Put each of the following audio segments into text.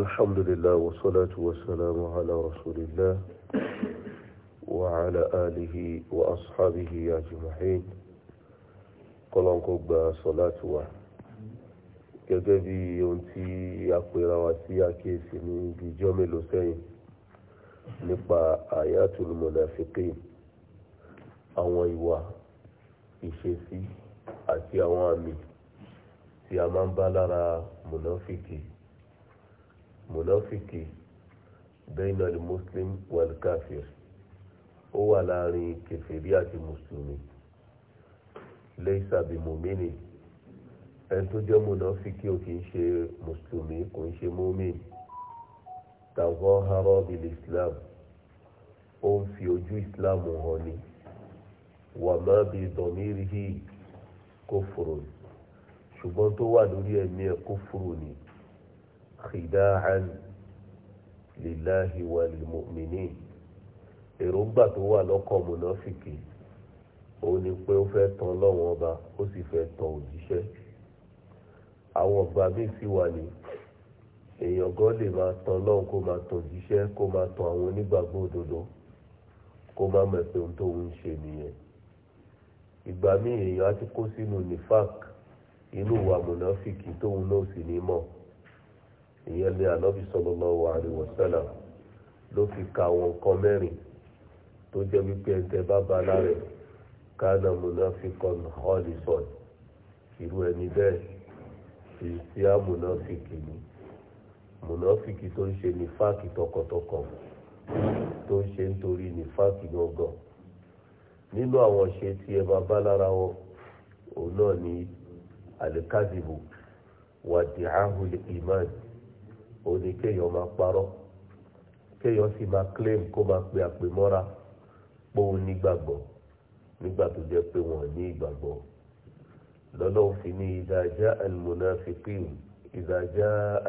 الحمد لله والصلاة والسلام على رسول الله وعلى آله وأصحابه يا kọlọ́n kó gba sọ́láàtì wa gẹ́gẹ́ bí ohun tí a pera wa sí àkíyèsí ní ibi ijọ́ mélòó sẹ́yìn nípa àyàtul munafiqin àwọn ìwà ìṣesí àti àwọn àmì tí a máa ń bá lára mùnàfíkì mùnáfìkì bẹ́ẹ̀nà ni muslim wal kafir ó wà láàrin kẹfẹ́rí àti mùsùlùmí lẹ́sàbí mùmínì ẹni tó jẹ́ mùnáfìkì ò kì í ṣe mùsùlùmí kò ń ṣe mùmínì tàwọn harọ́ bil islam ó ń fi ojú islam hàn ni wàmá bí dọ̀míìrì kófòrò ṣùgbọ́n tó wà lórí ẹ̀mí ẹ̀ kófòrò ni. خداعا لله wal mu'minin èròǹgbà tó wà lọ́kàn mùnáfìkì òun ni pé ó fẹ́ tan lọ́wọ́n ọba ó sì fẹ́ tan òjíṣẹ́ àwọn ọgbà míì sì wà ní èèyàn gan lè máa tan lọ́wọ́n kó máa tan òjíṣẹ́ kó máa tan àwọn onígbàgbọ́ òdodo kó má mọ̀ pé ohun tó ń ṣe nìyẹn ìgbà míì èèyàn á ti kó sínú nifak inú ìwà mùnáfìkì tóun náà sì ní mọ̀ ìyẹn lé ànábì sallallahu alaihi wasallam ló fi ka àwọn nǹkan mẹ́rin tó jẹ́ wípé ẹ̀ńtẹ́ bá ba lára ẹ̀ kánà munafiqan khalisan irú ẹni bẹ́ẹ̀ ìsí àmúnáfíkì ni múnáfíkì tó ń ṣe ní fáàkì tọkàntọkàn tó ń ṣe nítorí ní fáàkì gangan nínú àwọn ṣe tí ẹ máa bá lára wọn òun náà ní alikadibu wàdí ahùlẹ̀ imáàdì òun ni kéèyàn máa parọ́ kéèyàn sì máa claim kó máa pe àpèmọ́ra pé òun nígbàgbọ́ nígbà tó jẹ́ pé wọ́n ní ìgbàgbọ́ lọ́nà òfin ní idha jaa al-munafiqin idha si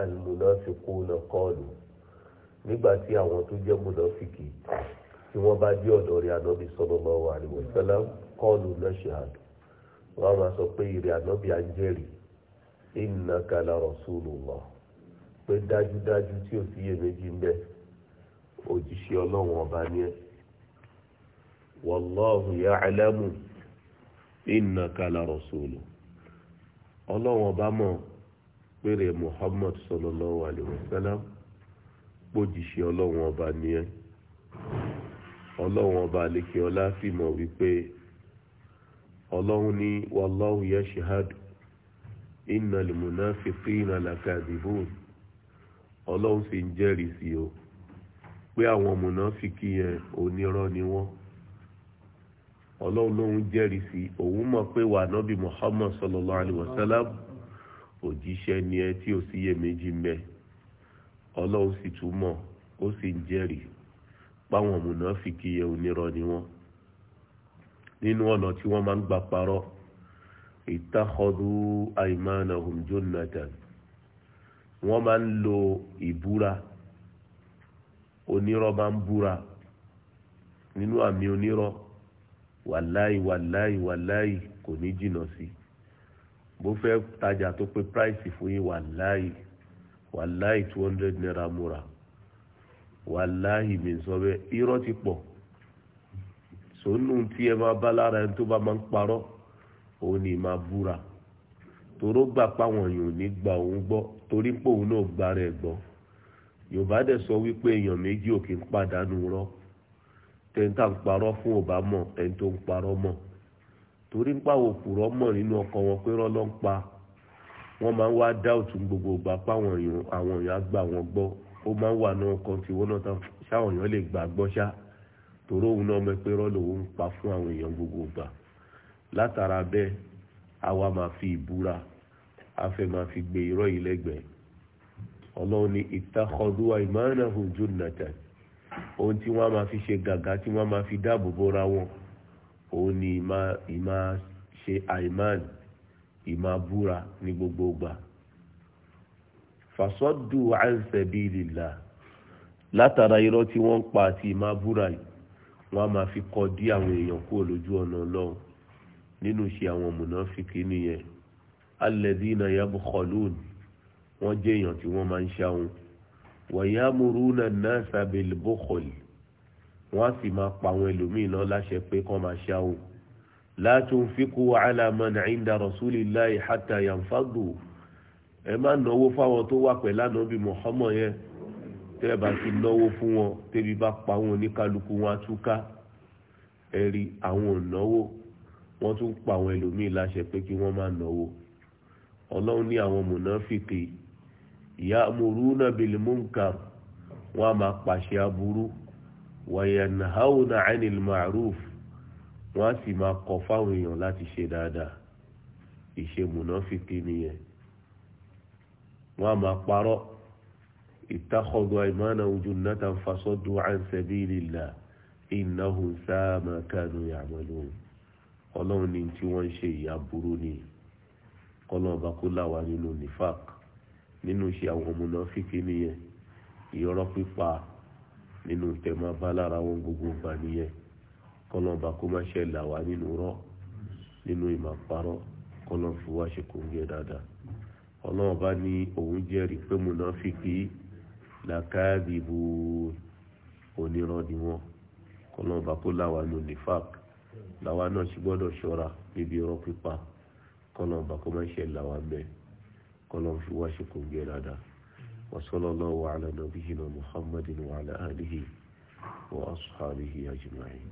al-munafiquna nígbà tí àwọn tó jẹ́ múnáfíkì tí wọ́n bá dé ọ̀dọ̀ rẹ̀ ànábì sallallahu alaihi wasallam qalu nashhad wọ́n á máa sọ pé ànábì ń jẹ́rìí pé dájúdájú tí ò sí iyèméjì ń bẹ òjíṣẹ́ ọlọ́run ọba ni ẹ wallahu ya'lamu innaka la rasulu ọlọ́run ọba mọ̀ péré muhammad sallallahu alayhi wa sallam pójíṣẹ́ ọlọ́run ọba ni ẹ ọlọ́run ọba àlekè ọlá wípé ọlọ́run ní wallahu ọlọ́run sì ń jẹ́rìí sí o pé àwọn mùnáfíkì yẹn onírọ́ ni wọ́n ọlọ́run lóun jẹ́rìí sí òun mọ̀ pé wà nábì Muhammad sallallahu alayhi wa sallam òjíṣẹ́ ni ẹ tí ò síyèméjì mẹ́ ọlọ́run sì tún mọ̀ ó sì ń jẹ́rìí páwọn mùnáfíkì yẹn onírọ́ ni wọ́n nínú ọ̀nà tí wọ́n máa ń gbà parọ́ ìtàkọ́dù àìmánahum jọ́nàdàn wọ́n máa ń lo ìbúra onírọ́ máa ń búra nínú àmì onírọ́ wàláì wàláì wàláì kò ní jìnnà sí bó fẹ́ tajà tó pé price fún yín wàláì wàláì two hundred naira múra wàláì mi sọ bẹ́ẹ̀ irọ́ ti pọ̀ sónú tí ẹ máa bá lára ẹni tó bá máa ń parọ́ òun ni máa búra tòró gbà páwọn èèyàn ò ní gba òun gbọ́ torí pé òun náà gba rẹ̀ gbọ́ yorùbá dẹ̀ sọ wípé èèyàn méjì ò kì í pàdánù rọ́ tẹ́ńtà ń parọ́ fún ọba mọ̀ ẹni tó ń parọ́ mọ̀ torí ń pàwọ̀ òkúrọ́ mọ̀ nínú ọkọ̀ wọn pé rọ́ ń pa wọ́n máa ń wá dá òtún gbogbo ìgbà páwọn èèyàn àwọn èèyàn gbà wọ́n gbọ́ ó máa ń wà náà kan tí wọ́n náà tán èèyàn lè gbà gbọ́ àwa máa fi ìbúra afẹ́ máa fi gbé irọ́ yìí lẹ́gbẹ̀ẹ́ ọlọ́run ní ìtàkọ́dúwà ìmánàhùn jùnàtà ohun tí wọ́n máa fi ṣe gàgà tí wọ́n máa fi dáàbò bóra wọn òun ni ìmá ṣe àìmán ìmá búra ní gbogbo gbà fàṣọdù àǹsẹ̀bí lìlà látara irọ́ tí wọ́n ń pa àti ìmá búra yìí wọ́n máa fi kọ́ dí àwọn èèyàn kúrò lójú ọ̀nà ọlọ́run nínú iṣẹ́ àwọn mùnáfíkì nìyẹn alladhina yabkhalun wọ́n jẹ́ èèyàn tí wọ́n máa ń ṣàwọn wa yamuruna nasa bil bukhli wọ́n á sì máa pa àwọn ẹlòmíì náà láṣẹ pé kọ́ máa ṣàwọn la tunfiqu ala man inda rasulillahi hatta yanfadu ẹ má náwó fáwọn tó wà pẹ̀lú ànábì Muhammad yẹn tẹ́ bá ti náwó fún wọn tẹ́bi bá pa wọn oníkálukú wọn á túká ẹ̀rí àwọn ò náwó wọ́n tún pa àwọn ẹlòmíì láṣẹ pé kí wọ́n máa náwó ọlọ́run ní àwọn mùnáfìkì ya'muruna bil munkar wọ́n á máa pàṣẹ aburú wa yanhauna 'anil ma'ruf wọ́n á sì máa kọ fáwọn èèyàn láti ṣe dáadáa ìṣe mùnáfìkì nìyẹn wọ́n á máa parọ́ ittakhadhu aymanahum junnatan fasaddu 'an sabilillah innahum sa'a ma kanu ya'malun ọlọ́run ní tí wọ́n ń ṣe ìyá burú ni kọ́lọ́ọ̀ bá kó láwa nínú nifak nínú iṣẹ́ àwọn ọmọ náà fífi nìyẹn ìyọ́rọ́ pípa nínú tẹ̀mọ́ bá lára wọn gbogbo gbà nìyẹn kọ́lọ́ọ̀ bá kó má ṣe làwa nínú rọ́ nínú ìmàparọ́ kọ́lọ́ọ̀ fi wá ṣe kò ń gẹ dáadáa ọlọ́run bá ní òun jẹ́rìí pé mùnáfíkì làkàdìbò onírọ́ ni wọ́n kọ́lọ́ọ̀ bá kó láwa nínú nifak làwa náà sì gbọ́dọ̀ ṣọ́ra níbi irọ́ pípa kọ́nà bàkọ́ máa ń ṣe làwa bẹ́ẹ̀ kọ́nà fi wá ṣe kò gbé dáadáa wa sallallahu ala nabiyyina muhammadin wa ala alihi wa ashabihi ajma'in.